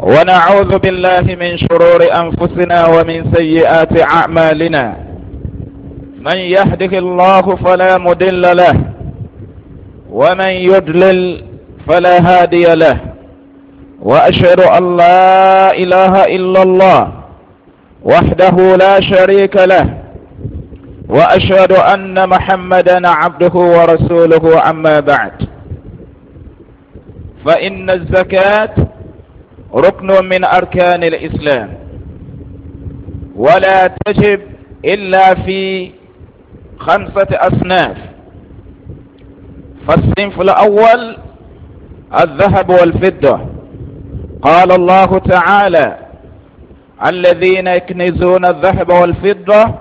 ونعوذ بالله من شرور أنفسنا ومن سيئات أعمالنا من يهده الله فلا مدل له ومن يدلل فلا هادي له وأشهد أن لا إله إلا الله وحده لا شريك له وأشهد أن محمدا عبده ورسوله أما بعد فإن الزكاة ركن من أركان الإسلام ولا تجب إلا في خمسة أصناف فالصنف الأول الذهب والفضة قال الله تعالى الذين يكنزون الذهب والفضة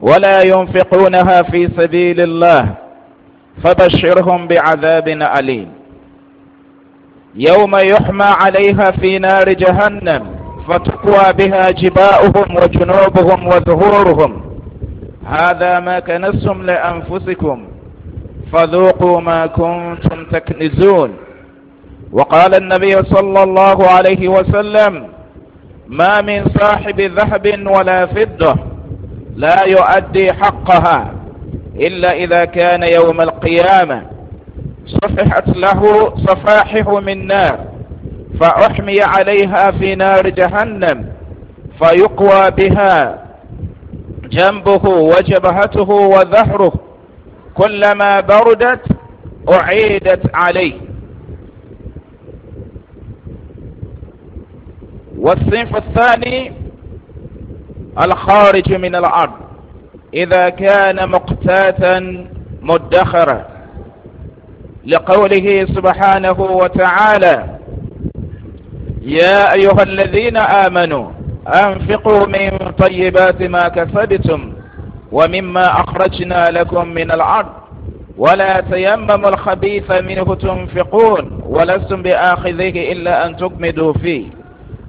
ولا ينفقونها في سبيل الله فبشرهم بعذاب أليم يوم يحمى عليها في نار جهنم فتقوى بها جباؤهم وجنوبهم وظهورهم هذا ما كنزتم لأنفسكم فذوقوا ما كنتم تكنزون وقال النبي صلى الله عليه وسلم ما من صاحب ذهب ولا فضة لا يؤدي حقها إلا إذا كان يوم القيامة صفحت له صفاحه من نار فأحمي عليها في نار جهنم فيقوى بها جنبه وجبهته وظهره كلما بردت أعيدت عليه والصنف الثاني الخارج من الأرض إذا كان مقتاتا مدخرا لقوله سبحانه وتعالى يا أيها الذين آمنوا أنفقوا من طيبات ما كسبتم ومما أخرجنا لكم من الأرض ولا تيمموا الخبيث منه تنفقون ولستم بآخذه إلا أن تكمدوا فيه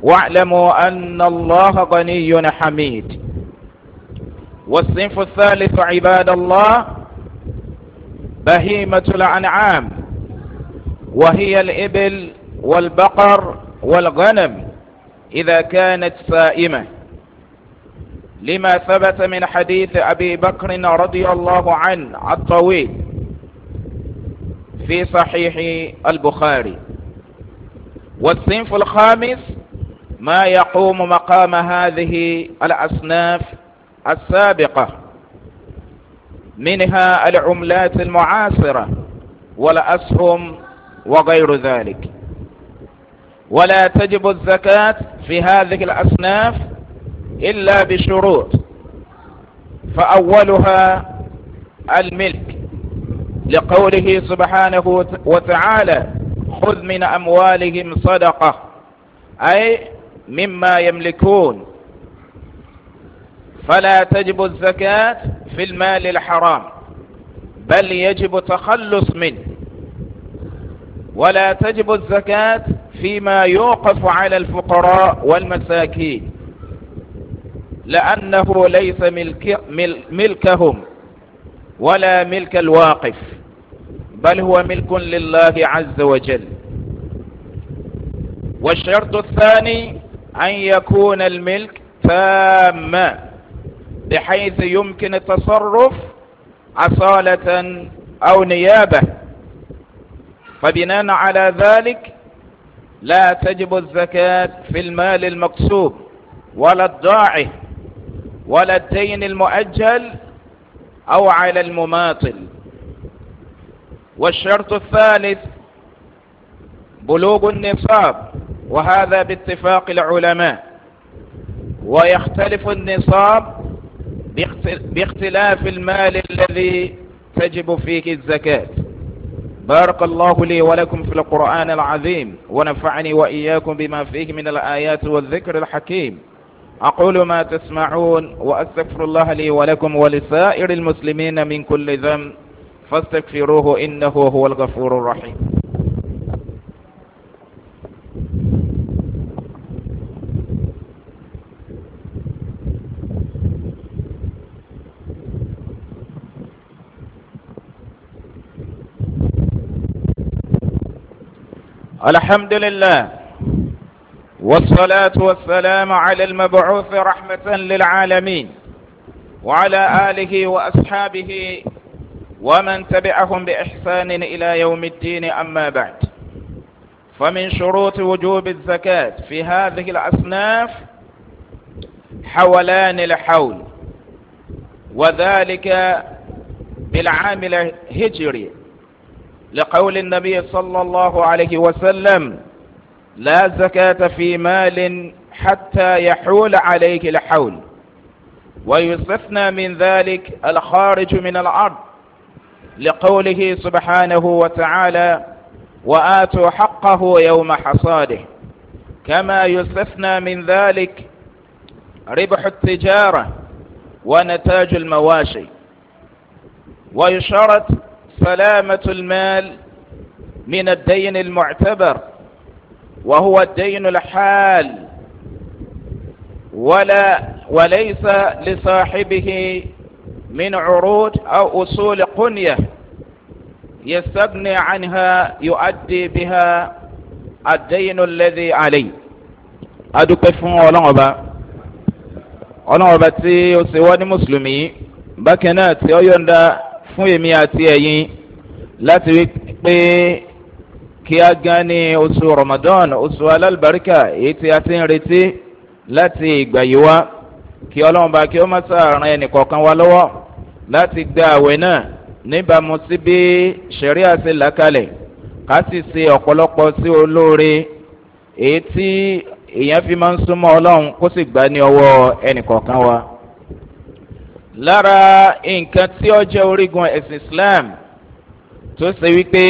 واعلموا أن الله غني حميد والصنف الثالث عباد الله بهيمة الأنعام وهي الإبل والبقر والغنم إذا كانت سائمة لما ثبت من حديث أبي بكر رضي الله عنه الطويل في صحيح البخاري والصنف الخامس ما يقوم مقام هذه الأصناف السابقة منها العملات المعاصرة والأسهم وغير ذلك ولا تجب الزكاة في هذه الأصناف إلا بشروط فأولها الملك لقوله سبحانه وتعالى خذ من أموالهم صدقة أي مما يملكون فلا تجب الزكاة في المال الحرام بل يجب التخلص منه ولا تجب الزكاة فيما يوقف على الفقراء والمساكين لأنه ليس ملك ملكهم ولا ملك الواقف بل هو ملك لله عز وجل والشرط الثاني أن يكون الملك تاما بحيث يمكن التصرف أصالة أو نيابة فبناء على ذلك لا تجب الزكاة في المال المقصوب ولا الضاعه ولا الدين المؤجل أو على المماطل والشرط الثالث بلوغ النصاب وهذا باتفاق العلماء ويختلف النصاب باختلاف المال الذي تجب فيه الزكاة بارك الله لي ولكم في القرآن العظيم ونفعني وإياكم بما فيه من الآيات والذكر الحكيم أقول ما تسمعون وأستغفر الله لي ولكم ولسائر المسلمين من كل ذنب فاستغفروه إنه هو الغفور الرحيم الحمد لله والصلاة والسلام على المبعوث رحمة للعالمين وعلى آله وأصحابه ومن تبعهم بإحسان إلى يوم الدين أما بعد فمن شروط وجوب الزكاة في هذه الأصناف حولان الحول وذلك بالعام الهجري لقول النبي صلى الله عليه وسلم لا زكاة في مال حتى يحول عليك الحول ويستثنى من ذلك الخارج من الأرض لقوله سبحانه وتعالى وآتوا حقه يوم حصاده كما يستثنى من ذلك ربح التجارة ونتاج المواشي ويشارت سلامة المال من الدين المعتبر وهو الدين الحال ولا وليس لصاحبه من عروض أو أصول قنية يستغني عنها يؤدي بها الدين الذي عليه ادو fún ọlọ́run ọba ọlọ́run ọba tí ó ṣe fún èmi àti ẹ̀yin láti wí pé kí a gan ní oṣù ramadan oṣù alálùbáríkà èyí tí a ti ń retí láti ìgbà yìí wá kí ọlọ́run bá kí ó má sàárín ẹnìkọ̀ọ̀kan wa lọ́wọ́ láti gba àwẹ̀ náà níbàámu sí bí sẹ̀ríà ṣe làkàlẹ̀ ká sì ṣe ọ̀pọ̀lọpọ̀ sí olóore èyí tí èèyàn fi máa ń súnmọ́ ọlọ́run kó sì gbá ní ọwọ́ ẹnìkọ̀ọ̀kan wa lára nǹkan tí ó jẹ́ orígun ẹ̀sìn islam tó ṣe wípé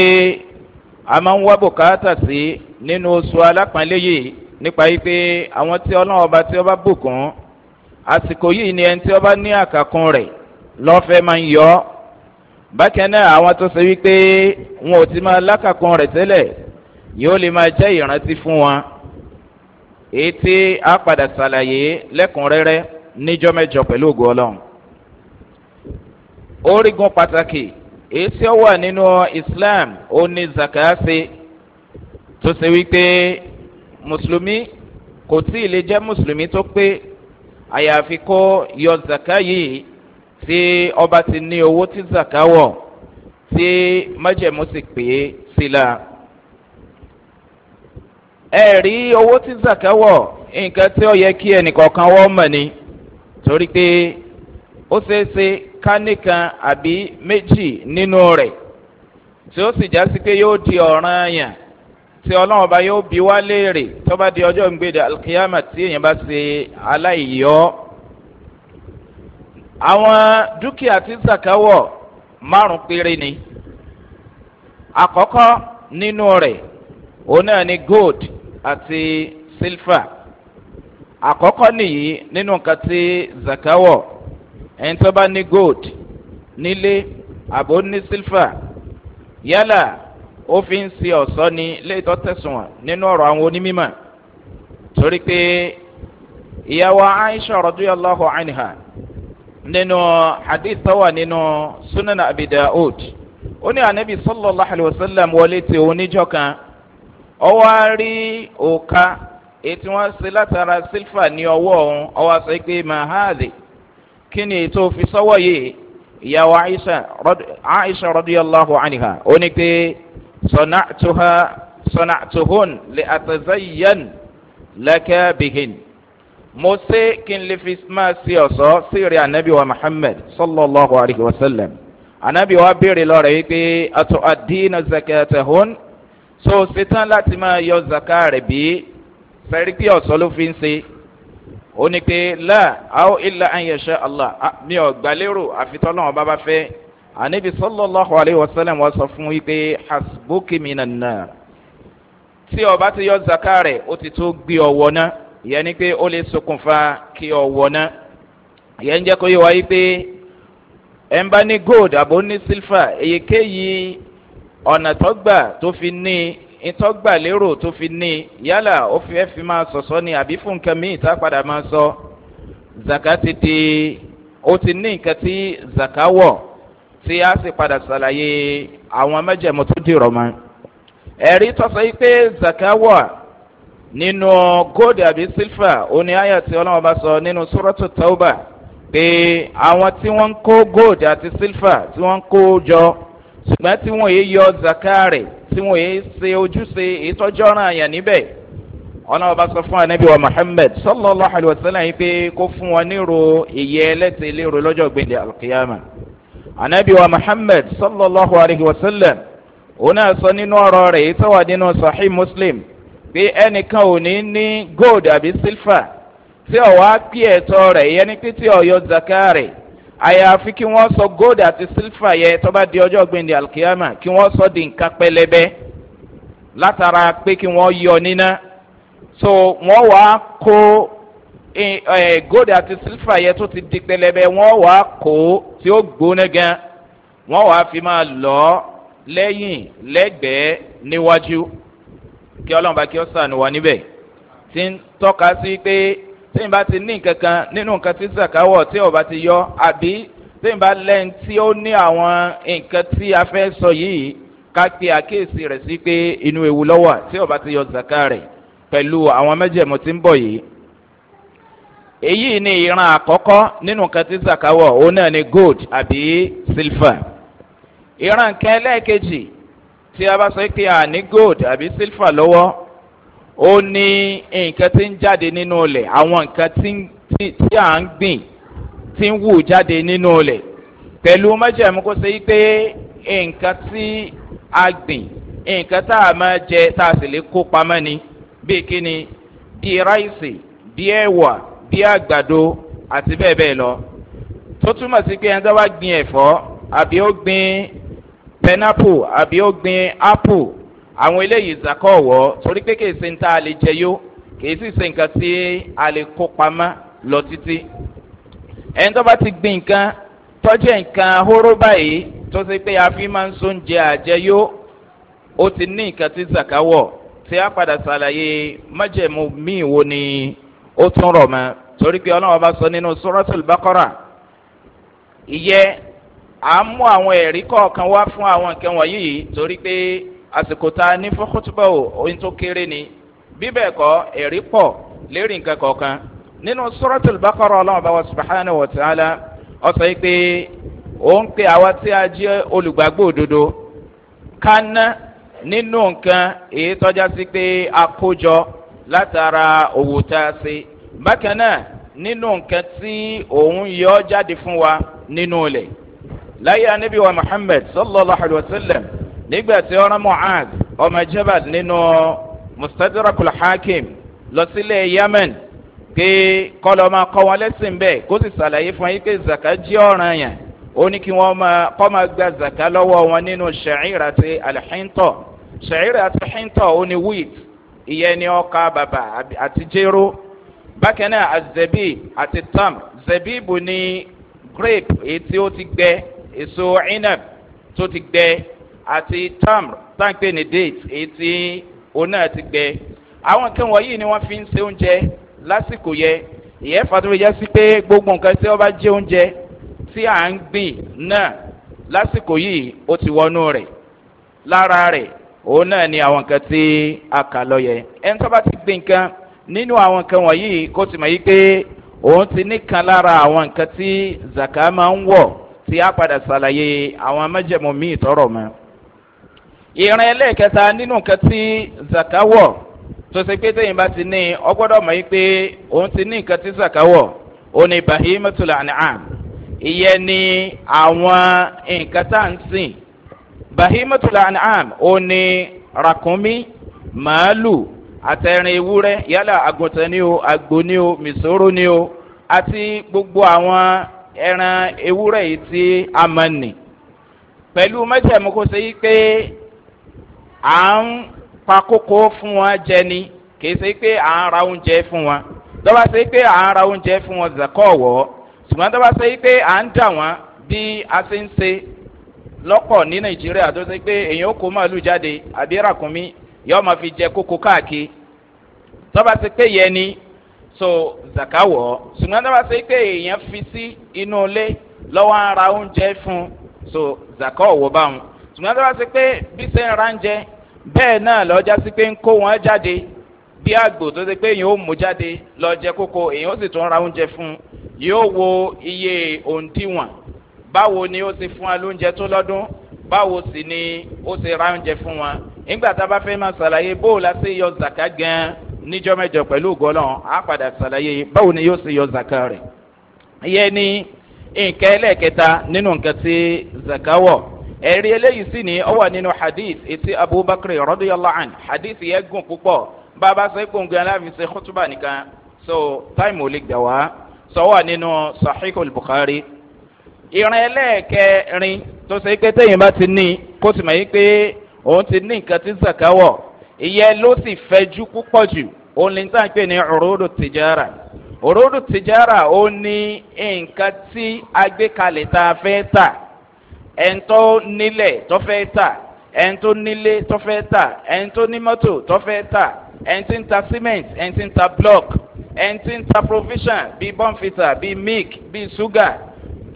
a máa ń wá bùkátà sí nínú oṣù alápọ̀nlé yìí nípa wípé àwọn tí ọlọ́run ọba tí ọba bùkún àsìkò yìí ni ẹni tí ọba ní àkàkùn rẹ̀ lọ́fẹ̀ẹ́ máa ń yọ ọ́ bákan náà àwọn tó ṣe wípé wọn ò ti máa lákàkùn rẹ̀ tẹ́lẹ̀ yóò lè máa jẹ́ ìrántí fún wọn èyí a padà ṣàlàyé lẹ́kùnrẹ́rẹ́ níjọ́ mẹ́jọ pẹ̀lú ògùn ọlọ́run orígun pàtàkì èyí tí ó wà nínú islam ó ní zakase tó ṣe wípé mùsùlùmí kò tí ì lè jẹ́ mùsùlùmí tó pé àyàfi kó yọ zaka yìí tí ọba ti ní owó tí zaka wọ̀ tí májẹ̀mú sì pè é síla. ẹ rí owó tí zaka wọ̀ nǹkan tí ó yẹ kí ẹnìkọ̀ọ̀kan wọ́n mọ̀ ni torí pé ó ṣeé ṣe ká nìkan àbí méjì nínú rẹ̀ tí ó sì jásí pé yóò di ọ̀ràn yàn tí ọlọ́run bá yóò bí wá léèrè tó bá di ọjọ́ ìgbéde alkiyama tí èèyàn bá ṣe aláìyọ́ àwọn dúkìá tí sàkáwọ̀ márùn péré ni àkọ́kọ́ nínú rẹ̀ òun náà ni gold àti silver àkọ́kọ́ nìyí nínú nǹkan tí zakawọ̀ ẹni tó bá ní gold nílé àbó ní sílfà yálà ó fi ń se ọ̀sọ́ ni léètọ́ tẹ̀sùn nínú ọ̀rọ̀ àwọn onímọ̀ torí pé ìyàwó aisha rọ̀dúyàlláhu anha nínú hadith tó wà nínú sunan abidahood ó ní anabi sallallahu alayhi wa sallam wọlé tí òun níjọ kan ọwọ́ á rí òka ètí wọ́n ṣe látara sílfà ní ọwọ́ òun ọwọ́ á sọ pé mahadi kí ni ètò fi sọ́wọ́ yìí ìyàwó aisha rọ́díyàlláhu àníhà ó ní pé sọ̀nàtúhún lè àtẹ̀zẹ́yẹn lẹ́kẹ́ bihin mo ṣe kí n lè fi máa ṣe ọ̀ṣọ́ sí rí anabi wa muhammed sallallahu alayhi wa sallam anabi wa béèrè lọ́rẹ̀ wípé àtọ̀ àdínà zakatahun so ṣetán láti máa yọ zakare bí fẹ́rí pé ọ̀ṣọ́ ló fi ń ṣe ó ní pé la àwọn ilà ayẹ̀ṣẹ́ allah mi ò gbàlérò àfitọ́lọ́wọ́n bá bá fẹ́ àníbi sọlọ́láhu aleyhi wa sálẹ̀m wọ́n sọ fún wípé hasbuki mina náà tí ọba ti yọ zaka rẹ̀ ó ti tó gbé ọwọ́ náà ìyẹn pé ó lè ṣokùnfà kí ọwọ́ náà ìyẹn jẹ́ kó yẹ wá wípé ẹ̀ bá ní gold àbó ní silver èyíkéyìí ọ̀nà tó gbà tó fi ní ìtọ́gbàlérò tó fi ní yálà ó fi ẹ́ fi máa sọ̀sọ́ ni àbí fún nǹkan míì tá a padà máa sọ zaka ti di ó ti ní nǹkan tí zaka wọ̀ tí a sì padà ṣàlàyé àwọn mẹ́jẹ̀mú tó dìrọ̀ mọ́ ẹ̀rí tọ́sọ yìí pé zaka wọ̀ nínú gold àbí silva òní ayọ̀ tí ọlọ́run bá sọ nínú sọ́rọ́tò tauba pé àwọn tí wọ́n ń kó gold àti silva tí wọ́n ń kó jọ ṣùgbọ́n tí wọ́n yé yọ zaka rẹ̀ tí wọn yìí ṣe ojúṣe ìtọ́jọ́ràn àyàn níbẹ̀ ọ̀nà ọba sọ fún anabi wa muhammed sallallahu alayhi wa sallam yìí pé kó fún wọn nírò ìyẹ́ ẹlẹ́tẹ̀ lérò lọ́jọ́ gbèndé alkiyama anabi wa muhammed sallallahu alayhi wa sallam òun náà sọ nínú ọ̀rọ̀ rẹ̀ yìí tọ́wà nínú sahih muslim pé ẹnìkan ò ní ní gold àbí silver tí ọ̀wá pí ẹ̀tọ́ rẹ̀ yẹn ní pé ọ̀yọ́ zakari àyàfi kí wọ́n sọ gold àti silver yẹ tó bá di ọjọ́ gbèndé alkiyama kí wọ́n sọ di nǹkan pẹlẹbẹ látara pé kí wọ́n yọ níná so wọ́n wá kó gold àti silver yẹ tó ti di pẹlẹbẹ wọ́n wá kó tí ó gbóná gan wọ́n wá fi máa lọ lẹ́yìn lẹ́gbẹ̀ẹ́ níwájú kí ọlọ́mọba kí ó sànù wá níbẹ̀ tí ń tọ́ka sí pé téyìn bá ti ní nǹkan kan nínú nǹkan tí zakawọ̀ tí ọba ti yọ àbí téyìn bá lẹ́yìn tí ó ní àwọn nǹkan tí a fẹ́ sọ yìí ká pe àkíyèsí rẹ̀ sí pé inú ewu lọ́wọ́ tí ọba ti yọ zaka rẹ̀ pẹ̀lú àwọn mẹ́jẹ̀mú tí ń bọ̀ yìí. èyí ni ìran àkọ́kọ́ nínú nǹkan tí zakawọ̀ òun náà ni gold àbí silver. ìran nǹkan ẹlẹ́ẹ̀kejì tí a bá sọ pé a ní gold àbí silver lọ́wọ́ ó ní nǹkan tí ń jáde nínú ilẹ̀ àwọn nǹkan tí à ń gbìn tí ń wù jáde nínú ilẹ̀ pẹ̀lú mọ́jẹ̀mú kó ṣe pé nǹkan tí a gbìn nǹkan tá a máa jẹ tá a sì lè kó pamọ́ ni bíi kíni bíi ráìsì bíi ẹ̀wà bíi àgbàdo àti bẹ́ẹ̀ bẹ́ẹ̀ lọ tó túmọ̀ sí pé ẹni gbin ẹ̀fọ́ àbí ó gbin pẹ́nápù àbí ó gbin ápù àwọn eléyìí zakọ wọ torí pé kì í ṣe ń tá a lè jẹ yó kì í sì ṣe nǹkan tí a lè kó pamọ́ lọ títí ẹni tó bá ti gbin nǹkan tọ́jú nǹkan hóró báyìí tó ṣe pé a fi máa ń sóúnjẹ àjẹyó ó ti ní nǹkan tí zaka wọ̀ tí a padà ṣàlàyé májẹ̀mú míì wo ni ó tún rọ̀ mọ́ torí pé ọlọ́run bá sọ nínú sọ́rọ́tò bákọ́rà ìyẹ́ à ń mú àwọn ẹ̀rí kọ̀ọ̀kan wá fún àwọn nǹkan wọ̀nyí torí pé àsìkò tá a ní fún kútùbà ò ohun tó kéré ni bíbẹ̀ kọ́ ẹ̀rí pọ̀ lérí nǹkan kọ̀ọ̀kan nínú sọ́rọ́tìlì bákọ́rọ̀ ọlọ́run bá wa subahana wa ta'ala ọ̀sẹ̀ yìí pé òun pe àwa tí a jẹ́ olùgbàgbọ́ òdodo ká ná nínú nǹkan èyí tọ́já sí pé a kó látara òwò tá a ṣe bákan náà nínú nǹkan tí òun yọ jáde fún wa nínú ilẹ̀ láyé anabi muhammed sallallahu alayhi wa sallam nígbà tí ọ̀rọ̀ mohad ọmọ jabal nínú mustadrakul hakim lọ sílẹ̀ yemen pé kọ́lọ́ máa kọ́ wọn lẹ́sìn bẹ́ẹ̀ kó sì ṣàlàyé fún yín pé zaka jẹ́ ọ̀ràn yẹn ó ní kí wọ́n máa kọ́ máa gba zaka lọ́wọ́ wọn nínú ṣẹ̀ẹ́rà àti alḥíntọ̀ ṣẹ̀ẹ́rà àti alḥíntọ̀ ó ní wheat ìyẹn ni ọkà bàbà àti jéró bákan náà azebi àti tam zebibu ni grape èyí tí ó ti gbẹ èso inab tó ti gbẹ àti tam táǹpé ní date èyí tí òun náà ti gbẹ àwọn nǹkan wọ̀nyí ni wọ́n fi ń se oúnjẹ lásìkò yẹ ìyẹn fàtúwé yẹ sí pé gbogbo nǹkan tí wọ́n bá jẹ oúnjẹ tí à ń gbìn náà lásìkò yìí ó ti wọnú rẹ̀ lára rẹ̀ òun náà ni àwọn nǹkan tí a kà lọ yẹ ẹni tó bá ti gbìn nǹkan nínú àwọn nǹkan wọ̀nyí kó ti mọ̀ yí pé òun ti níkan lára àwọn nǹkan tí zaka máa ń wọ̀ tí a padà ṣàlàyé àwọn amájẹ̀mú míì tọrọ mọ́ ìran ẹlẹ́ẹ̀kẹta nínú nǹkan tí zaka wọ̀ tó ṣe pé téyìn bá ti ní ọgbọ́dọ̀ mọ̀ pé òun ti ní nǹkan tí zaka wọ̀ òun ni bahimatula anam ìyẹn ni àwọn nǹkan tá à ń sìn bahimatula anam òun rakumi màálù àtẹrin ewúrẹ́ yálà àgùntàn ni o àgbo ni o mìsòrò ni o àti gbogbo àwọn ẹran ewúrẹ́ yìí tí a mọ̀ nì pẹ̀lú mẹ́tẹ̀ẹ̀mú kó ṣe yí pé à ń pa kókó fún wọn jẹ ni kì í ṣe pé à ń ra oúnjẹ fún wọn dọ́ba ṣe pé à ń ra oúnjẹ fún wọn zakọ́ ọ̀wọ́ ṣùgbọ́n dọ́ba ṣe pé à ń dà wọ́n bí a ṣe ń ṣe lọ́pọ̀ ní nàìjíríà tó ṣe pé èèyàn kó màálù jáde àbí ràkúnmí yóò máa fi jẹ kókó káàkiri tọ́ba ṣe pé yẹn ni so zaka wọ̀ ọ́ ṣùgbọ́n tọ́ba ṣe pé èèyàn fi sí inú ilé lọ́wọ́ ara oúnjẹ fún so zaka ọ̀wọ́ bá wọn ṣùgbọ́n tọ́ba ṣe pé bí ṣe ń ra oúnjẹ bẹ́ẹ̀ náà lọ́jà sí pé ń kó wọn jáde bí àgbò tó ṣe pé èyàn ó mú jáde lọ jẹ kókó èyàn ó sì tún ra oúnjẹ fún un yóò wo iye òǹdíwọ̀n báwo ni ó ti fún wa lóúnjẹ tó lọ́dún báwo sì ni ó ti ra oúnjẹ fún wa nígbà tá a bá fẹ́ máa ṣàlàyé bóò la ṣe yọ zàká gan níjọ́ mẹ́jọ pẹ̀lú gọ́lọ́n á padà ṣàlàyé báwo ni yóò ṣe yọ zàká rẹ̀ ìyẹn ni nǹkan ẹlẹ́ẹ̀kẹta nínú nǹkan tí zàká wọ̀ ẹ̀rí eléyìí sì ní ọ wà nínú hadith etí abubakar rọ́dúyọ́lá àn hadith yẹn gùn púpọ̀ bàbá sọ pé nǹkan aláàfin ṣe kútùbà nìkan so táìmù ò lè gbà wá sọ wà nínú sahih al-bukhari. ìrìn ẹlẹ́ẹ̀kẹrin tó ṣe pé téèyàn bá ti ní kó tì mọ̀ yín pé òun ti ní nǹkan tí zaka wọ̀ ìyẹn ló sì fẹjú púpọ̀ jù òun lè tàn pé ní òróòdù tìjára òróòdù tìjára ó ní nǹkan tí agbékalẹ̀ tá a fẹ́ tà ẹ̀ńtọ́ nílẹ̀ tọ́fẹ́ tà ẹ̀ńtọ́ nílé tọ́fẹ́ tà ẹ̀ńtọ́ ní mọ́tò tọ́fẹ́ tà ẹ̀ńtí ń ta cement ẹ̀ńtí ń ta block ẹ̀ńtí ń ta provision bíi bọ́ǹfìtà bíi milk bíi sugar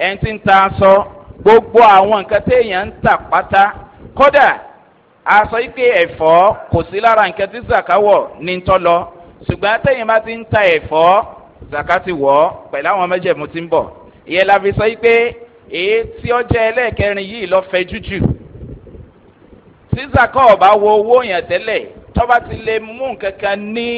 ẹ̀ńtí ń ta aṣọ gbogbo àwọn nǹkan téèyàn ń tà pátá kódà aṣọ ike ẹ̀fọ́ kò sí lára nǹkan tí zakawọ̀ ní ń tọ́ lọ ṣùgbọ́n téèyàn bá ti ń ta ẹ̀fọ́ zakati wọ̀ pẹ̀lú àwọn méjèèmú ti ń bọ̀ ìyẹn èyí tí ọjọ́ ẹlẹ́ẹ̀kẹrin yìí lọ fẹ́ jújù tí zaka ọba wo owó yẹn tẹ́lẹ̀ tọ́ba ti lè mú nǹkan kan ní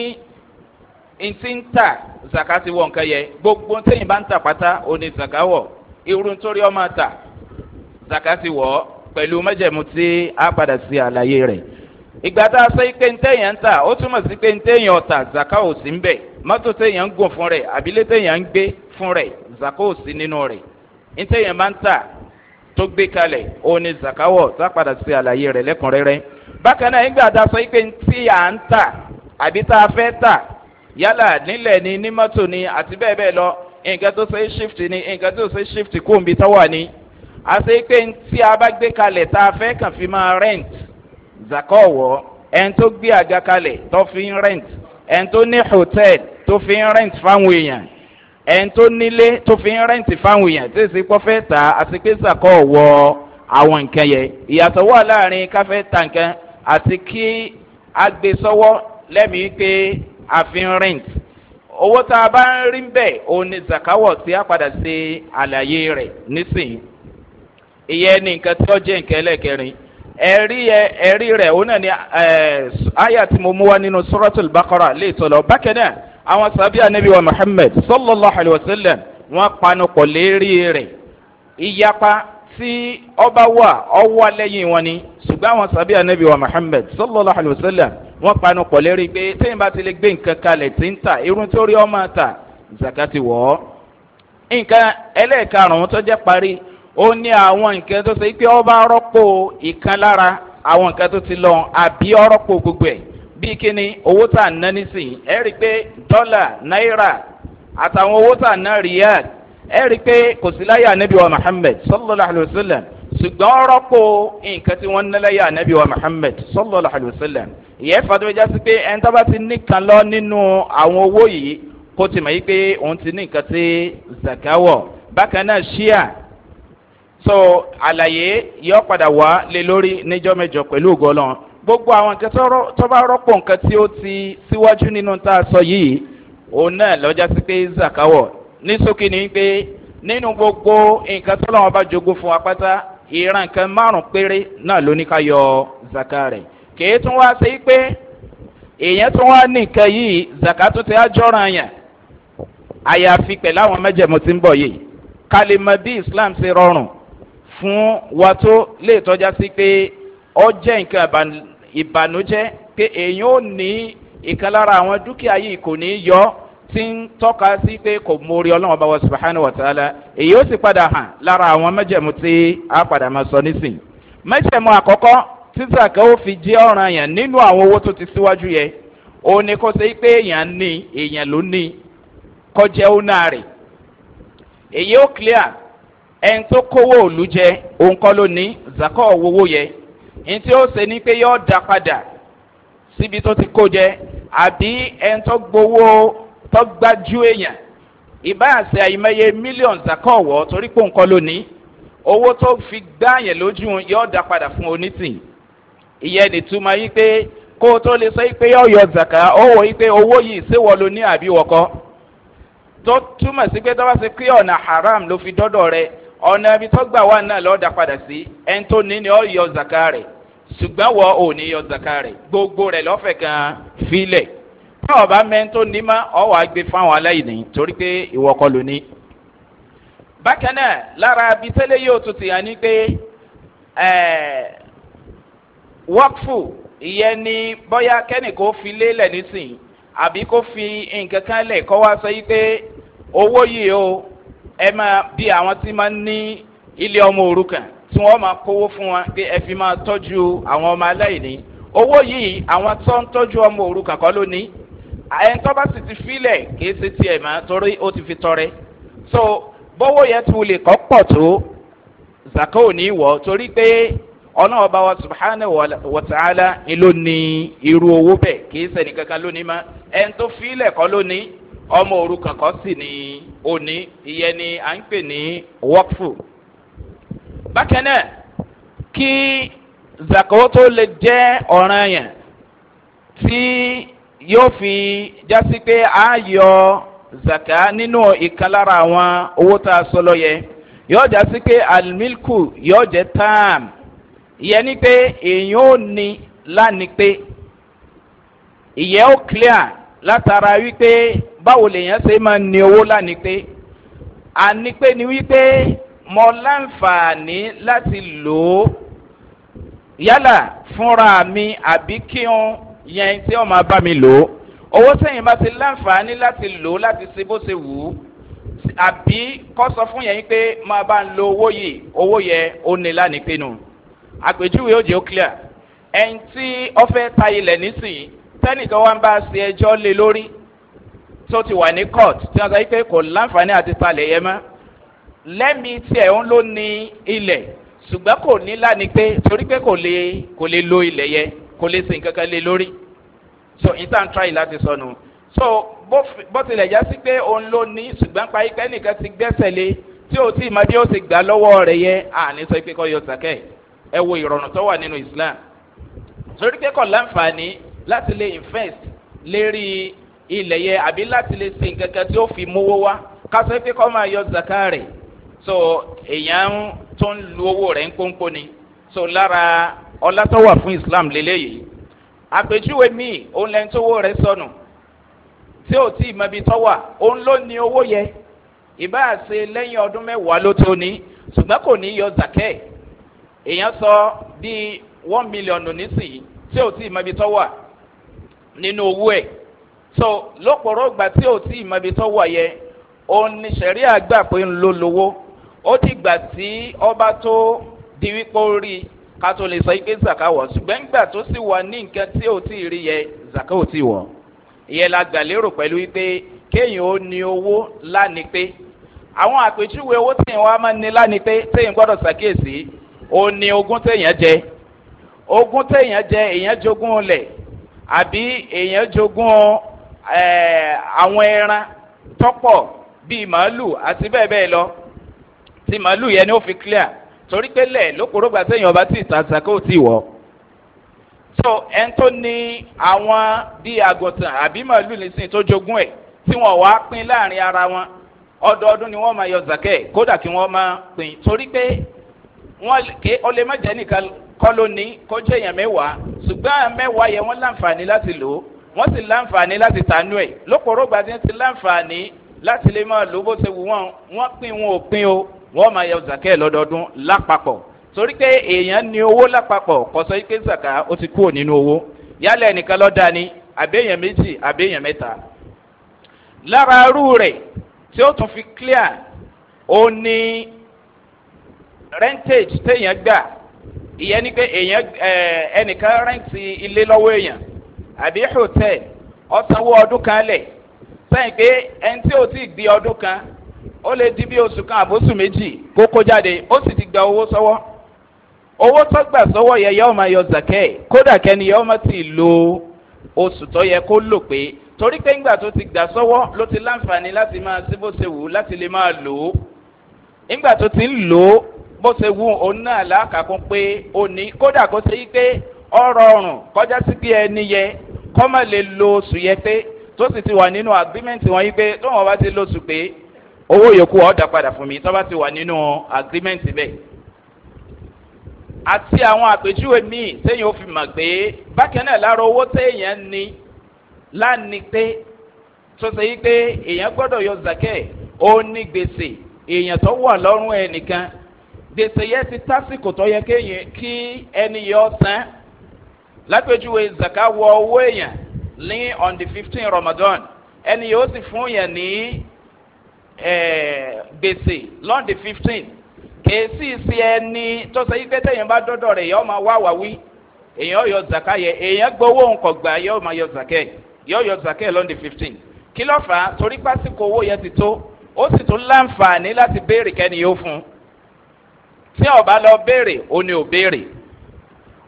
ntí ń tà zaka ti wọ nǹkan yẹ gbogbo téyìn bá ń tà pátá òní zaka wọ̀ irú nítorí ọmọ tà zaka ti wọ̀ pẹ̀lú mẹ́jẹ̀mú tí a padà sí àlàyé rẹ̀ ìgbà tá a sọ pé ntẹ̀yìn ń tà ó túmọ̀ sí pé ntẹ̀yìn ọ̀tà zaka ò sí ń bẹ̀ mọ́tò tẹ̀yìn ń gùn fún rẹ̀ àbílẹ̀ tẹ̀yìn ń gbé fún rẹ̀ zaka ò sí nínú rẹ̀ níta yẹn máa ń tà tó gbé kalẹ̀ òun ni zakawọ̀ tá a padà sí àlàyé rẹ̀ lẹ́kùnrẹ́rẹ́ bákan náà nígbà tá a sọ pé tí à ń tà àbí tá a fẹ́ tà yálà nílẹ̀ ni ní mọ́tò ni àti bẹ́ẹ̀ bẹ́ẹ̀ lọ nǹkan tó ṣe é shift ni nǹkan tó ṣe é shift kó omi tó wà ní. a ṣe pé tí a bá gbé kalẹ̀ tá a fẹ́ kàn fi máa rent zakawọ̀ ẹni tó gbé àga kalẹ̀ tó fi ń rent ẹni tó ní hòtẹ́ẹ̀lì tó fi ń rent fáwọn èèyàn ẹn tó nílé tó fi ń rẹ́ǹtì fáwọn èèyàn tí èsì pọ́ fẹ́ tà àti pé sàkọ́ wọ àwọn nǹkan yẹn ìyàtọ̀ wà láàrin káfẹ́ tà nǹkan àti kí agbésọ́wọ́ lẹ́mìí pé a fi ń rẹ́ǹtì owó tá a bá ń rí bẹ́ẹ̀ òun ni zakawọ̀ tí a padà ṣe àlàyé rẹ̀ nísìnyí ìyẹn ní nǹkan tí ó jẹ́ nǹkan ẹlẹ́kẹrin ẹ̀rí ẹ̀rí rẹ̀ òun náà ni àyà tí mo mú wá nínú sọ́rọ́tò ìbákọ́rà lè tọ̀ bákẹ́ náà àwọn sábẹ́ anabi wa muhammed sallallahu alayhi wa sallam wọ́n panu kọ̀ lérí rẹ̀ ìyapa tí ọba wà ọwọ́ lẹ́yìn wọn ni ṣùgbọ́n àwọn sábẹ́ anabi wa muhammed sallallahu alayhi wa sallam wọ́n panu kọ̀ lérí pé téyìn bá ti lè gbé nǹkan kalẹ̀ tí ń ta irun tó rí ọmọ ta zakati wọ̀ ọ́ nǹkan ẹlẹ́ẹ̀karùn-ún tó jẹ́ parí ó ní àwọn nǹkan tó ṣe pé ọba rọ́pò ìkan lára àwọn nǹkan tó ti lọ àbí ọ̀rọ̀pò gbogbo ẹ̀ bíi kíni owó tà ń ná nísìnyí ẹ rí i pé dọ́là náírà àtàwọn owó tà ná riyal ẹ rí i pé kò sí láyé anabi wa muhammed sallallahu alayhi wa sallam ṣùgbọ́n rọ́pò nǹkan tí wọ́n ń láyé anabi wa muhammed sallallahu alayhi wa sallam ìyẹn fàdúrójà sí pé ẹni tábà ti nìkan lọ nínú àwọn owó yìí kó ti mọ̀ yí pé òun ti ní nǹkan tí zakawọ̀ bákan náà ṣíà so àlàyé yọ padà wá lé lórí níjọ́ mẹ́jọ pẹ̀lú ògọ́lọ́n gbogbo àwọn nǹkan tó bá rọ́pò nǹkan tí ó ti síwájú nínú tá a sọ yìí òun náà lọ́jà sí pé zakawọ̀ ní sókè ni pé nínú gbogbo nǹkan tó lọ́wọ́ bá jogún fún wa pátá ìran nǹkan márùn péré náà ló ní ká yọ zaka rẹ̀ kìí tún wá sí pé èèyàn tún wá ní yìí zaka tó ti ájọ́ràn yàn àyàfi pẹ̀lú àwọn mẹ́jẹ̀mú tí ń bọ̀ yìí ká islam ṣe rọrùn fún wa tó lè tọ́já sí pé ọ jẹ́ nǹkan ìbànújẹ́ pé èèyàn ò ní ìkan lára àwọn dúkìá yìí kò ní yọ tí ń tọ́ka sí pé kò mórí ọlọ́run ọba wa subahana wa ta'ala èyí ó sì padà hàn lára àwọn mẹ́jẹ̀mú tí a padà máa sọ nísìnyí mẹ́jẹ̀mú àkọ́kọ́ tí zaka ó fi jẹ́ ọ̀ràn yẹn nínú àwọn owó tó ti síwájú yẹ òun ni kò sí pé èèyàn ní èèyàn ló ní kọjá ọ̀nà rẹ̀ èyí ó clear ẹni tó kówó òlu jẹ òun ló ní zaka ọ̀wọ́wọ́ yẹ ntí ó ṣe ni pé yóò dá padà síbi tó ti kó jẹ àbí ẹn tó gbowó tó gbájú èèyàn ìbá àṣẹ àìmọye mílíọ̀n zakọ̀ wọ̀ torí pò ń kọ́ lónìí owó tó fi gbáàyàn lójú yóò dá padà fún onítìyìn ìyẹn nìtumọ̀ yìí pé kó o tó lè sọ pé yóò yọ zaka ó wọ yìí pé owó yìí ṣéwọ́ ló ní àbí wọ́kọ́ tó túmọ̀ sí pé tó bá ṣe ọ̀nà haram ló fi dọ́dọ̀ rẹ ọ̀nà ibi tó gbà wà náà lọ́ọ́ da padà sí ẹni tó ní ni ọ́ yọ zaka rẹ̀ ṣùgbọ́n wọ ò ní yọ zaka rẹ̀ gbogbo rẹ̀ lọ́fẹ̀ẹ́ kan filẹ̀ tí ọba mẹ́ni tó ní ma ọ̀ wá gbé fáwọn aláìní torí pé ìwọ kọ lóní. bákan náà lára abitẹ́lẹ̀ yóò tún ti hàn ní pé wọ́pù ìyẹn ni bóyá kẹ́nìkó fi lélẹ̀ nísìnyí àbí kó fi nǹkan kan lẹ̀ kọ́ wá sọ yí pé owó yìí o ẹ máa bí àwọn tí máa ń ní ilé ọmọ òrukàn tí wọ́n máa kówó fún wa pé ẹ fi máa tọ́jú àwọn ọmọ aláìní owó yìí àwọn tó ń tọ́jú ọmọ òrukàn kọ́ ló ní ẹni tó bá sì ti filẹ̀ kìí ṣe tiẹ̀ mọ́ torí ó ti fi tọrẹ so bówó yẹn ti wulè kọ́ pọ̀ tó zaka ò ní wọ̀ torí pé ọ̀nà ọba wa subhana wa ta'ala ni ló ní irú owó bẹ́ẹ̀ kìí ṣe nìkankan lónìí mọ́ ẹni tó filẹ̀ kọ́ lónìí ọmọ òrukàn kọ́ sì ní òní ìyẹn ni à ń pè ní wọ́pù bákan náà kí zakawo tó lè jẹ́ ọ̀ràn yẹn tí yóò fi jásí pé a yọ zaka nínú ìkan lára àwọn owó tá a sọ lọ yẹ yóò jásí pé alimilku yóò jẹ́ tam ìyẹn ni pé èèyàn ò ní lánìí pé ìyẹn ó clear látara wípé báwo lèèyàn ṣe máa ní owó lánìí pé àní pé ni wípé mo láǹfààní láti lò ó yálà fúnra mi àbí kí n yẹn tí ó máa bá mi lò ó owó sẹ́yìn bá ti láǹfààní láti lò ó láti ṣe bó ṣe wù ú àbí kọ́ sọ fún yẹn pé máa bá ń lo owó yìí owó yẹn ó ní lánìí pé àpèjúwe ó jẹ́ ó clear ẹni tí ọ fẹ́ ta ilẹ̀ nísìnyí tẹ́nìkan wá ń bá ṣe ẹjọ́ lé lórí tó ti wà ní court tí wọ́n sọ pé kò láǹfààní àti palẹ̀ yẹn mọ́ lẹ́mìí tiẹ̀ ń ló ní ilẹ̀ ṣùgbọ́n kò ní lánìí pé torí pé kò lè kò lè lo ilẹ̀ yẹn kò lè sìn kankan lé lórí so ìtàn try láti sọnù so bó tilẹ̀ já sí pé òun ló ní ṣùgbọ́n parí pé nìkan ti gbẹ́sẹ̀ lé tí o ti mọ bí o ti gbà lọ́wọ́ rẹ̀ yẹ àní sọ pé kọ́ yọ sàkẹ́ ẹ wo ìrọ̀rùn tó wà nínú islam torí pé kọ̀ láǹfààní láti lè invest lérí ilẹ̀ yẹn àbí láti lè se nǹkan kan tí ó fi mówó wá kásán pé kọ́ máa yọ zaka rẹ̀ so èèyàn tó ń lu owó rẹ̀ ń pọ́npọ́ ni so lára ọlá tó fún islam lélẹ́yìí àpèjúwe míì òun lẹ́ni tó owó rẹ̀ sọnù tí ò tí ì mọbi tó wà òun ló ní owó yẹ ìbáà lẹ́yìn ọdún mẹ́wàá ló tó ní ṣùgbọ́n kò ní yọ zakẹ́ èèyàn sọ bíi one million nísìnyí tí ò tí ì mọbi tó nínú owó ẹ̀ so lọ́pọ̀rọ̀ ìgbà tí ò tí ìmọ̀bi tó wà yẹ òun ni sẹ̀rí àgbà pé ń lo lowó ó ti gbà tí ọba tó di wípé ó rí ká tó lè sọ pé zaka wọ̀ ṣùgbọ́n gbà tó sì wà ní nǹkan tí ò tí ì rí yẹ zaka ò tí ì ìyẹn la gbà lérò pẹ̀lú wípé kéèyàn ó ní owó lánìí pé àwọn àpèjúwe owó téèyàn wá máa ní lánìí pé téèyàn gbọ́dọ̀ ṣàkíyèsí òun ni ogún téèyàn jẹ ogún téèyàn jẹ èèyàn jogún olè àbí èèyàn jogún àwọn ẹran tọ́pọ̀ bíi màálù àti bẹ́ẹ̀ bẹ́ẹ̀ lọ tí màálù yẹn ni ó fi clear torí pé lẹ̀ lókòrógbà sẹ́yìn ọba tí ìtàṣà kò tí wọ̀ so ẹn tó ní àwọn bíi àgùntàn àbí màálù nísìnyí tó jogún ẹ̀ tí wọ́n wá pín láàrin ara wọn ọdọọdún ni wọ́n máa yọ zakẹ́ kódà kí wọ́n máa pín torí pé wọ́n lè má jẹ́ nìkan kọ́ ló ní kó jẹ́ èèyàn mẹ́wàá ṣùgbọ́n àwọn mẹ́wàá yẹn wọ́n láǹfààní láti lò ó wọ́n sì láǹfààní láti tànú ẹ̀ lóporó gbà tí wọ́n ti láǹfààní láti lè máa lò ó bó ṣe wù wọ́n wọ́n pín wọn ò pín o wọ́n máa yọ zakẹ́ lọ́dọọdún lápapọ̀ torí pé èèyàn ní owó lápapọ̀ kọ́sọ́ yìí pé zaka ó ti kúrò nínú owó yálẹ̀ ẹnìkan lọ́ da ni àbẹ́yẹn méjì àbẹ́yẹn mẹ́ta lára arú rẹ̀ tí ó tún fi clear ó ní rentage téèyàn gbà ìyẹn ni pé èèyàn ẹnìkan rẹ́ǹtì ilé lọ́wọ́ èèyàn àbí hòtẹ́ẹ̀l ọ̀sánwó ọdún kan lẹ̀ sẹ́yìn pé ẹni tí ò tí ì gbé ọdún kan ó lè di bí oṣù kan àbóṣù méjì kó kó jáde ó sì ti gba owó sọ́wọ́ owó tó gbà sọ́wọ́ yẹ yẹ́ ọmọ ayọ̀ zakẹ́ kódà kẹ́ni yẹ́ ọmọ ti lo oṣù tó yẹ kó lò pé torí pé ńgbà tó ti gbà sọ́wọ́ ló ti láǹfààní láti máa síbòsewò láti lè máa lò ńgbà tó ti ń lò ó bó ṣe wù òun náà lákàkún pé òní kódà kó ṣe pé ọ̀rọ̀ ọ̀rùn kọjá sí pé ẹni yẹ kọ́mọ̀ lè lo oṣù yẹ pé tó sì ti wà nínú agreement wọn yí pé tóun bá ti lóṣù pé owó yòókù ọ̀dà padà fún mi tó bá ti wà nínú agreement bẹ́ẹ̀ àti àwọn àpèjúwe míì téèyàn ò fi mọ̀ pé bákan náà lára owó téèyàn ní láàní pé tó ṣe yí pé èèyàn gbọ́dọ̀ yọ zakẹ́ ó ní gbèsè èèyàn tó wà lọ́rùn ẹnìkan gbèsè yẹn ti tásìkò tó yẹ kéèyàn kí ẹni yẹ ọ sàn zaka wọ owó èèyàn ní on the fifteen ramadan ẹni yóò sì fún yẹn ní gbèsè lọ́n the fifteen kèésì sí ẹni tó sẹ́yìn pé téèyàn bá dọ́dọ̀ rẹ̀ yọ máa wá wá wí èèyàn yọ zaka yẹ èèyàn gbowó nǹkan gbà yọ yọ zaka yẹ yọ zaka lọ́n the fifteen kí ló fà á torí pásíkò owó yẹn ti tó ó sì tún láǹfààní láti béèrè kẹ́ni yóò fún un tí ọba lọ béèrè ó ní ò béèrè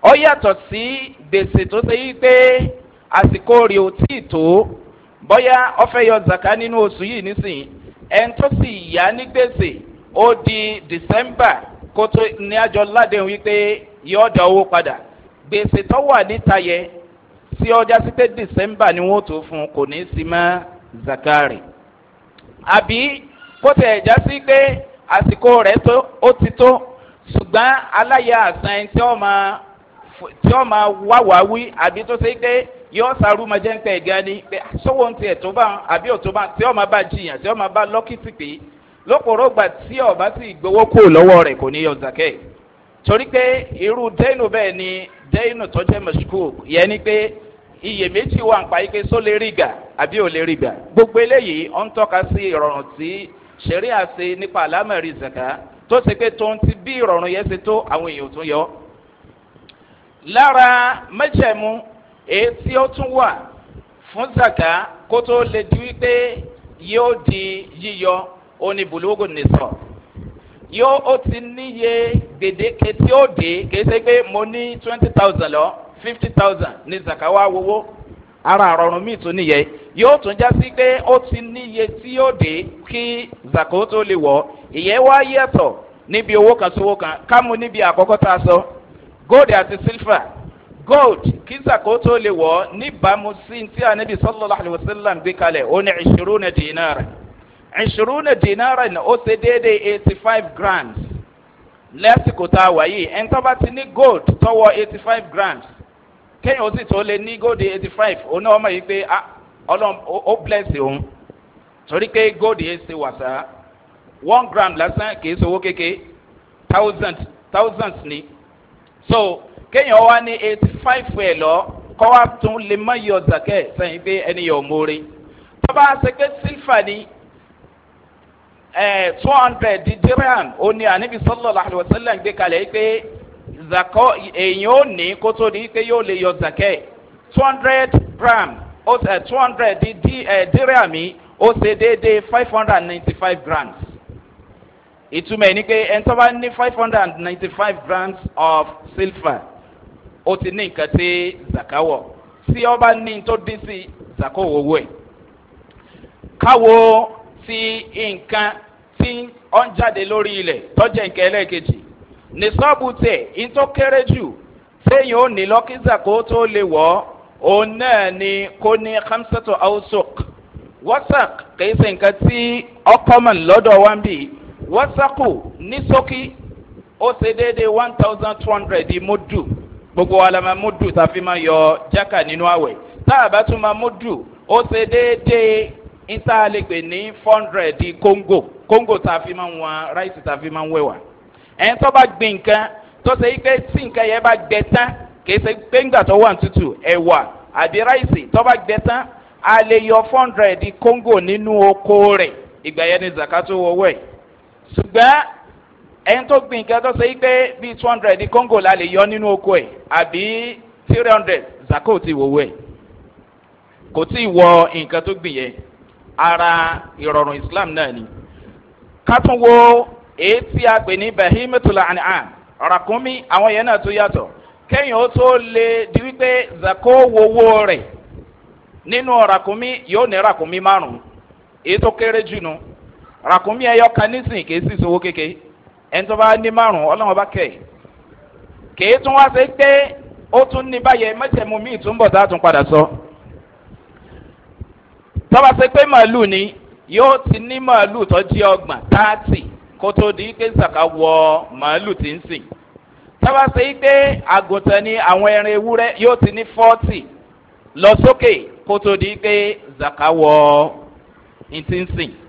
ọ yàtọ̀ sí gbèsè tó ṣe yí pé àsìkò rè ò tí ì tó bọ́yá ọfẹ́ yọ zaka nínú oṣù yìí nísìnyí ẹn tó sì yá ní gbèsè ó di december kó tó ní àjọ ládéhùn wípé yọ da owó padà gbèsè tó wà níta yẹ tí ọjà sí pé december ni wọ́n tó fún kò ní í sí mọ́ zaka rẹ̀ àbí kó tẹ̀ ẹ̀já sí pé àsìkò rẹ̀ tó ó ti tó ṣùgbọ́n aláya àsán ẹni tí ó máa tí ó máa wá wá wí àbí tó ṣe pé yóò sàrú ma jẹ́ ń pẹ́ gan ni pé sọ́wọ́ ah, ń tiẹ̀ tó bá àbí ò tó bá tí ó máa bá jiyàn tí ó máa bá lọ́kìtì pé lóporó gbà tí ọba sì gbowó kú lọ́wọ́ rẹ̀ kò ní yọ zakẹ́ torí pé irú dẹ́nu bẹ́ẹ̀ ni dẹ́nu tó jẹ́ mọ̀ṣúkú yẹn ni pé iyèméjì wà ń pa yí só lè rí gà àbí ò lè rí gà gbogbo eléyìí ó ń tọ́ka sí ìrọ̀rùn tí sẹ́ríà ṣe nípa àlámẹ̀rí zaka tó ṣe pé tó ń ti bí ìrọ̀rùn yẹn ṣe tó àwọn èèyàn tó yọ. lára mẹ́jẹ̀mú èyí tí ó tún wà fún zaka kó tó lè di wípé yóò di yíyọ òní bùlùwògùn nìsọ̀ yóò ó ti níye gbèdéke tí ó dé kìí ṣe pé mo ní twenty thousand lọ fifty thousand ní zaka wá wowó ara àrọ̀rùn míì tún níyẹ yóò tún já sí pé ó ti níye tí yóò dé kí zaka ó tó lè wọ̀ ìyẹn wá yẹ̀tọ̀ níbi owó kan sówó kan ká mú níbi àkọ́kọ́ tá a sọ gold àti silver gold kíza kó tó lè wọ́ níbàámu sí ti anabi sallallahu alayhi wa sallam gbé kalẹ̀ ó ní ìṣirò na dinara ìṣirò na dinara ni ó ṣe déédéé eighty five grams lẹ́sìkò tá a wà yìí ẹni tó bá ti ní gold tọwọ́ eighty five grams kéèyàn ó sì tó lè ní gold eighty five òun náà ọmọ yìí pé ah, ọlọ́run ó bless òun torí pé gold yẹn ṣe wàsá one gram lásán kìí sowó kéke thousand thousands ni so kéèyàn wá ní eighty five ẹ̀ lọ kọ́ wá tún lè má yọ zakẹ́ sẹ́yìn pé ẹni yọ̀ mórí tọ́ba ṣe sílfà ni two hundred dirham ó ní àníbi sọ́lọ́ làlù ọ̀sẹ́lẹ̀ ń gbé kalẹ̀ yìí pé zakọ́ èèyàn ó ní kó tó di pé yóò lè yọ zakẹ́ two hundred gram two hundred dirham ó ṣe déédéé five hundred and ninety five grams ìtumọ̀ ẹ̀ ni pé ẹni tó bá ní five hundred and ninety five grams of silver ó ti ní nǹkan tí zaka wọ̀ tí ọ bá ní tó dín sí zaka owó ẹ̀ káwo ti nǹkan tí ọ ń jáde lórí ilẹ̀ tọ́jà nǹkan ẹlẹ́ẹ̀kejì ní sọ́ọ̀bù tẹ̀ ní tó kéré jù téèyàn ò ní lọ́kí zaka tó lè wọ̀ òun náà ni kò ní hamsato ausok wasak kì í ṣe nǹkan tí ọkọ̀ mọ̀ lọ́dọ̀ wá ń wasaku ní sókí ó ṣe déédéé one thousand two hundred mudu gbogbo wa mudu tàfi yọ jaka nínú àwẹ̀ tá a bá tún ma mudu ó ṣe déédéé níta lè pè ní four hundred kóńgò kóńgò tàfi ma wọn ráìsì tàfi ma wẹ̀wà ẹni tó bá gbin nǹkan tó ṣe pé tí nǹkan yẹn bá gbẹ tán kì í ṣe pé ńgbà tó wà tútù ẹ̀wà àbí ráìsì tó gbẹ tán a lè yọ four hundred kóńgò nínú oko rẹ̀ ìgbà yẹn ni zakato wọ̀wẹ̀ ṣùgbọ́n ẹni tó gbin nǹkan tó ṣe yí pé bíi two hundred ní congo la lè yọ nínú oko ẹ̀ àbí three hundred zako ti wòwò ẹ̀ kò tí ì wọ nǹkan tó gbìn yẹn ara ìrọ̀rùn islam náà ni ká tún wo èyí tí a pè ní bahimatula and an rakumi àwọn yẹn náà tó yàtọ̀ kẹ́yìn ó tó lè di wípé zako wowó rẹ̀ nínú rakumi yóò ní rakumi márùn-ún èyí tó kéré jù nù. No ràkúnmí ẹyọ kan kesi kì í sì sowó kéke ẹni tó bá ní márùn ọlọ́wọ́n bá kẹ̀ kì í tún wá sí pé ó tún ní báyẹn mẹ́tẹ̀mú míì tún bọ̀ dáàtún padà sọ. tọ́ba ṣe pé màálù ni yóò ti ní màálù tó jẹ́ ọgbọ̀n táàtì kó tó di pé sàkà wọ màálù tí ń sìn. tọ́ba ṣe pé àgùntàn ni àwọn ẹran ewúrẹ́ yóò ti ní fọ́ọ̀tì lọ sókè kó tó di pé sàkà wọ ìtí ń sìn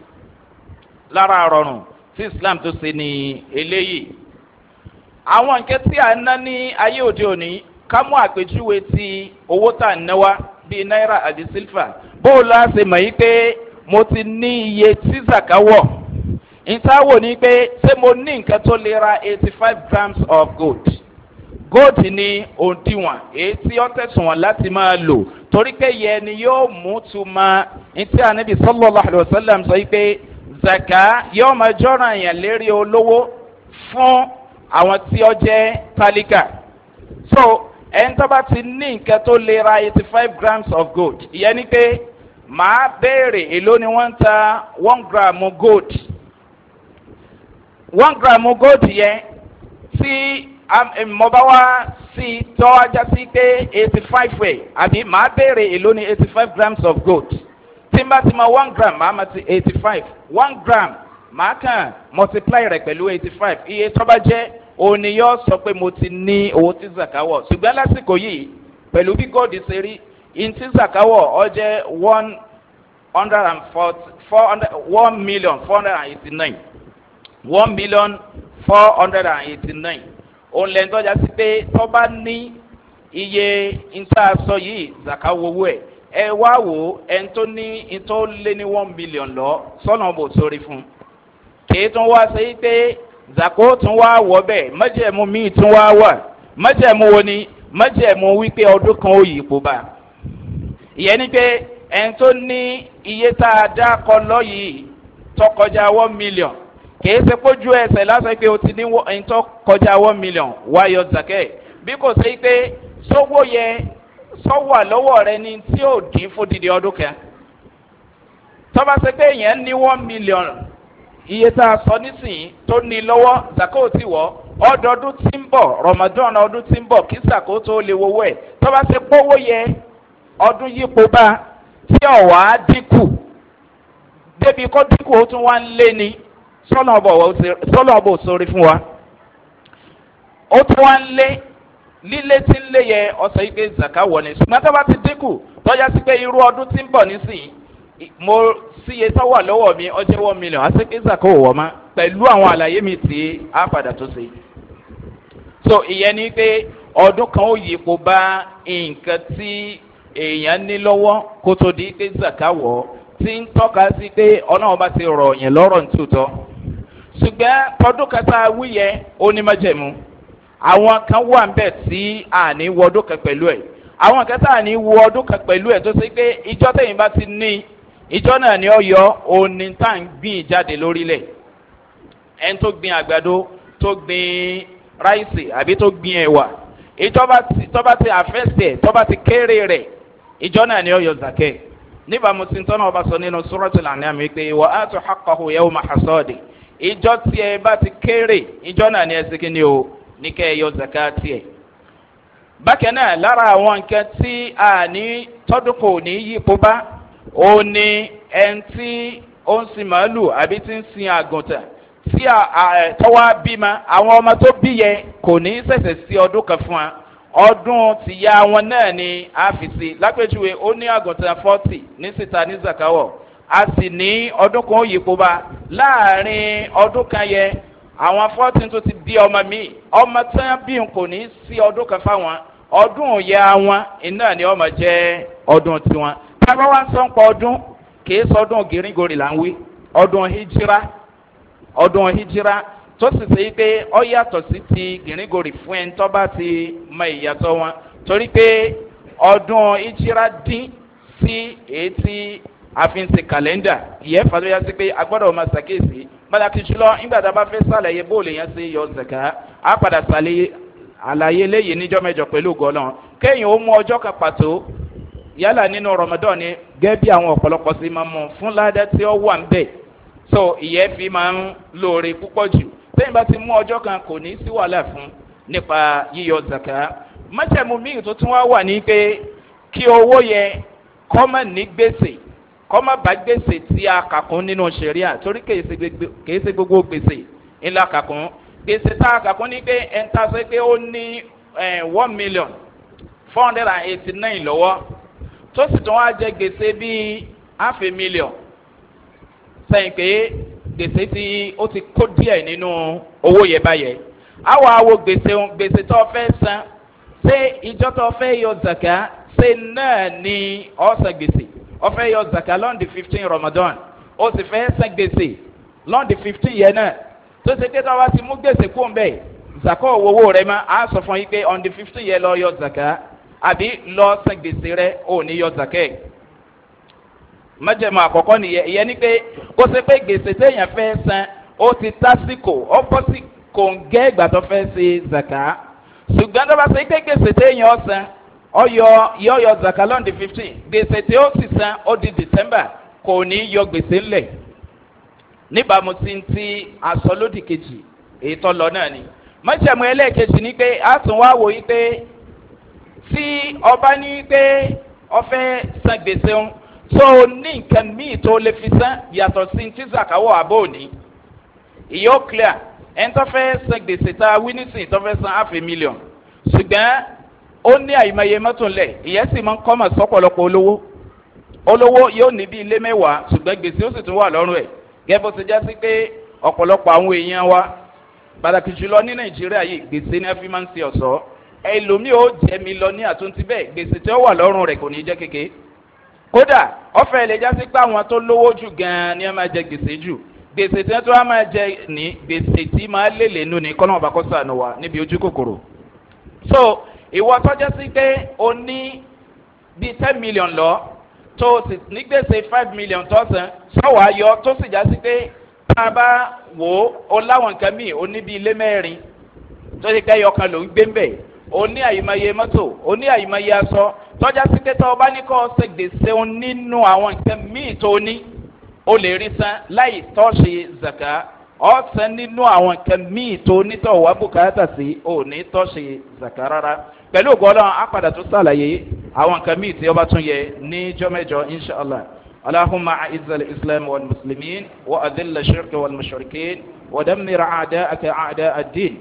lára àrọ̀rùn tí islam tó ṣe ní eléyìí àwọn nǹkan tí a ná ní ayé òde òní ká mú àpèjúwe ti owó tá à ń náwá bíi náírà àti sílfà bó o ṣe mọ̀ yí pé mo ti ní iye tí zaka wọ̀ ìtawò ni pé ṣé mo ní nǹkan tó lè ra eighty five grams of gold gold ni òdiwọ̀n èyí tí ó tẹ̀sùn wọn láti máa lò torí pé yẹn ni yóò mú tu ma ntí anabi sallallahu alayhi wa sallam sọ yí pé zaka yóò máa jọ́ràn yẹn lérí olówó fún àwọn tí ó jẹ́ tálíkà so ẹni tó bá ti ní nǹkan tó lè ra eighty five grams of gold ìyẹn ni pé màá béèrè èló ni wọ́n ń ta one gram gold one gram gold yẹn tí um, mo bá wá sí tọ́ ajá sí pé eighty five way àbí màá béèrè èló ni eighty five grams of gold tí n ti mọ one gram màá ma ti eighty five one gram màá kàn multiply rẹ̀ pẹ̀lú eighty five iye tọ́ba jẹ́ òní yóò sọ pé mo ti ní owó tí zakawọ̀ ṣùgbọ́n lásìkò yìí pẹ̀lú bí góòdì ṣe rí ntí zakawọ̀ ọ jẹ́ one hundred and forty four hundred one million four hundred and eighty nine one million four hundred and eighty nine òun lẹ́ńtọ́jà sí pé tọ́ba ní iye ntí a sọ yìí zakawọ̀ owó ẹ̀ ẹ wá wò ó ẹni tó ní ìtọ́ lé ní one million lọ sọ́nà bò sórí fún un kìí tún wá sí pé zako tún wá wọ bẹ́ẹ̀ mọ́jẹ̀mú míì tún wá wà mọ́jẹ̀mú wo ni mọ́jẹ̀mú wípé ọdún kan ó yí ipò bá ìyẹn ni pé ẹni tó ní iye tá a dá kọ lọ́yìí tó kọjá one million kìí ṣe pójú ẹsẹ̀ lásán pé o ti ní ẹni tó kọjá one million wáyọ zakẹ́ bí kò sí pé sówó yẹn tọ́wà lọ́wọ́ rẹ ni tí ò dín fún didi ọdún kan tọ́ba ṣe pé èèyàn ní one million iye tá a sọ nísìnyí tó ní lọ́wọ́ zakó ti wọ́ ọdọọdún tí ń bọ̀ rọmọdún ọdún tí ń bọ̀ kí zakó tó lè wowó ẹ̀ tọ́ba ṣe pówó yẹ ọdún yípo bá tí ọ̀wá dínkù débi kó dínkù ó tún wá ń lé ni sọ́nà ọ̀bọ̀ òṣèré fún wa ó tún wá ń lé lílé tí ń lé yẹ ọ̀sẹ̀ yìí zaka wọ̀ ni ṣùgbọ́n tó bá ti dínkù tọ́já sí pé irú ọdún tí ń bọ̀ nísìnyí mo síye tó wà lọ́wọ́ mi ọjọ́ wọ́n mílíọ̀n á sì pé zaka ò wọ̀ mọ́ pẹ̀lú àwọn àlàyé mi tí á padà tó ṣe. so ìyẹn ni pé ọdún kan ó yípo bá nǹkan tí èèyàn ní lọ́wọ́ kó tó di pé zaka wọ̀ tí ń tọ́ka sí pé ọlọ́run bá ti rọ̀ yẹn lọ́rọ̀ ní tòótọ́ ṣùgbọ́n tọdún kata wúyẹ ó ní májẹ̀mú àwọn kan wà ń bẹ̀ tí àní wọ ọdún kan pẹ̀lú ẹ̀ àwọn kan tá àní wọ ọdún kan pẹ̀lú ẹ̀ tó ṣe pé ìjọ tẹ̀yìn bá ti ní ìjọ náà ni ọyọ òní tá à ń gbìn jáde lórílẹ̀ ẹni tó gbin àgbàdo tó gbin ráìsì àbí tó gbin ẹ̀wà ìjọba ti tọ́ba ti àfẹ́sẹ̀ tọ́ba ti kéré rẹ̀ ìjọ náà ni ọyọ zakẹ́ níbàámu sí tọ́nà ọba sọ nínú sọ́rọ́tì lànà mi pé wà á tún hakọ̀hù yẹ́wò màhásọ́ọ̀dì ìjọ tiẹ̀ bá ti kéré ìjọ náà ni ẹ ní kẹ́ ẹ yọ zakati ẹ̀. bákan náà lára àwọn nǹkan tí a ní tọ́dún kò ní yípo bá ó ní ẹni tí ó ń sin màálù àbí tí ń sin àgùntàn tí tọ́wọ́ bímọ àwọn ọmọ tó bí yẹ kò ní sẹ̀sẹ̀ sí ọdún kan fún wa ọdún tìyá wọn náà ni a fi si lápèjúwe ó ní àgùntàn fọ́tì ní síta ní zakawọ̀ a sì ní ọdún kan ó yípo bá láàrin ọdún kan yẹ àwọn fourteen tó ti bí ọmọ mi ọmọ tí wọn bí kò ní sí ọdún kan fáwọn ọdún òye wọn iná ni ọmọ jẹ ọdún tiwọn tábà wá ń sọ pé ọdún kì sọ ọdún gírígorì là ń wí ọdún hijira ọdún hijira tó sì ṣe pé ọ yàtọ̀ sí ti gírígorì fún ẹni tó bá ti mọ ìyàtọ̀ wọn torí pé ọdún hijira dín sí èyí tí a fi ń ṣe kàlẹ́ndà ìyẹn fàtó sí pé a gbọ́dọ̀ máa ṣàkíyèsí pàtàkì jùlọ nígbà tá a bá fẹ́ sàlàyé bóòlù yẹn ṣe yọ zẹ̀ká á padà sàlàyé àlàyé léyìí níjọ́ mẹ́jọ pẹ̀lú gọ́lọ́n kéèyàn ó mú ọjọ́ kan pàtó yálà nínú rọmọdán ni gẹ́gẹ́ bí àwọn ọ̀pọ̀lọpọ̀ sí máa mọ̀ fún ládá tí ó wà ń bẹ̀ so ìyẹn fi máa ń lóore púpọ̀ jù tẹ́yìn bá ti mú ọjọ́ kan kò ní sí wàhálà fún nípa yíyọ zaka mọ́tẹ̀mú míì tó tún wá wà ní pé kí owó yẹn kọ́mọ̀ ní gbèsè kọ́má bá gbèsè tí a kà kún nínú sẹ̀ríà torí kèé se gbogbo gbèsè ńlá kà kún gbèsè tá a kà kún ní pé ẹ̀ sọ pé ó ní one million four hundred and eighty nine lọ́wọ́ tó sì tún wá jẹ gbèsè bíi half a million sẹ́yìn pé gbèsè tí ó ti kó díẹ̀ nínú owó yẹn báyẹn àwọn àwo gbèsè gbèsè tó fẹ́ san ṣé ìjọ tó fẹ́ yọ zàkà ṣe náà ni ọ̀sán gbèsè ọfẹ́ yọ zaka lọ́ndì fifteen ramadan ó sì fẹ́ sẹ́ gbèsè lọ́ndì fifteen yẹn náà tó ṣe pé táwa ti mú gbèsè kó ń bẹ̀ zaka òwòwò rẹ mọ́ a sọ fún yín pé ọ̀ndì fifteen yẹn lọ yọ zaka àbí lọ sẹ́ gbèsè rẹ ò ní yọ zaka ẹ̀ mẹ́jẹ̀mọ́ àkọ́kọ́ nìyẹn ìyẹn ni pé kó ṣe pé gbèsè téèyàn fẹ́ san ó ti tásìkò ó bọ́ sí kòǹgẹ́ ìgbà tó fẹ́ ṣe zaka ṣùgbọ́n tó bá ṣe pé gbèsè téèyàn ọ̀sán ọyọ yọyọ zakalon di fifteen gbèsè tí ó sì san ó di december kò ní yọ gbèsè ńlẹ̀ níbàámu sí ti asọlódì kejì èyí lọ náà ni mọ́sàmù ẹlẹ́ẹ̀kejì ni pé a tún wá wò yí pé tí ọba ní pé ọfẹ́ san gbèsè ń tó ní nǹkan míì tó lè fi san yàtọ̀ sí ti zakawọ̀ àbò òní ìyóò clear ẹni tó san gbèsè tá a wí san half a million ṣùgbọ́n ó ní àìmọye mọ́tò lẹ̀ ìyẹn sì máa ń kọ́mọ̀ sọ́pọ̀lọpọ̀ olówó olówó yóò ní bí ilé mẹ́wàá ṣùgbọ́n gbèsè ó sì tún wà lọ́rùn ẹ̀ gẹ́gẹ́ bó ti já sí pé ọ̀pọ̀lọpọ̀ àwọn èèyàn wa pàtàkì jùlọ ní nàìjíríà yìí gbèsè ní afi máa ń ṣe ọ̀sọ́ ẹlòmíì ó jẹ́ mi lọ ní àtúntì bẹ́ẹ̀ gbèsè tí ó wà lọ́rùn rẹ̀ kò ní jẹ́ kéke kódà ọ̀fẹ́ lè já sí pé àwọn tó lówó jù gan-an ni wọ́n máa jẹ gbèsè jù gbèsè tí wọ́n tó wá máa jẹ ní gbèsè tí máa lélẹ̀ nù ní kọ́nà ọ̀bàkọ́sà nù wá níbi ojú kòkòrò so ìwọ tọ́jọ́ sí pé o ní bíi ten million lọ tó o sì ní gbèsè five million tọ́sán sọ̀wọ́ ayọ́ tó sì já sí pé tá a bá wò ó o láwọn nǹkan míì o ní bíi ilé mẹ́rin tó ṣe kẹ́yọ̀ kan ló ń gbé mbẹ̀ o ní àyèmáyé mọ́tò o ní àyèmáyé aṣọ tọ́já sí pé tọ́ ọ bá ní kọ́ ọ ṣe gbèsè o nínú àwọn nǹkan míì tó o ní o lè rí san láì tọ́ ṣe zaka ọ̀sán nínú àwọn nǹkan míì tó o ní tọ́ wàá bùkátà sí o ní tọ́ zaka rárá. pẹ̀lú ògùn ọlọ́run á padà tún sàlàyé àwọn nǹkan míì tí ọba tún yẹ ní jọ́mẹ́jọ inṣàlá اللهم أعز الإسلام والمسلمين وأذل الشرك والمشركين ودمر أعداءك أعداء الدين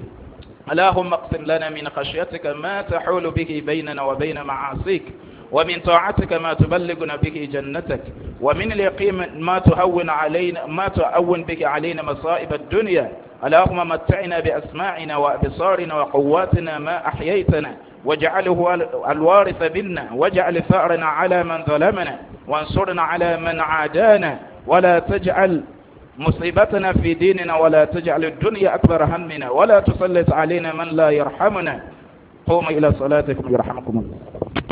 اللهم اقسم لنا من خشيتك ما تحول به بيننا وبين معاصيك ومن طاعتك ما تبلغنا به جنتك ومن اليقين ما تهون علينا ما تهون به علينا مصائب الدنيا اللهم متعنا بأسماعنا وأبصارنا وقواتنا ما أحييتنا واجعله الوارث منا واجعل ثأرنا على من ظلمنا وانصرنا على من عادانا ولا تجعل مصيبتنا في ديننا ولا تجعل الدنيا أكبر همنا ولا تسلط علينا من لا يرحمنا قوموا إلى صلاتكم يرحمكم الله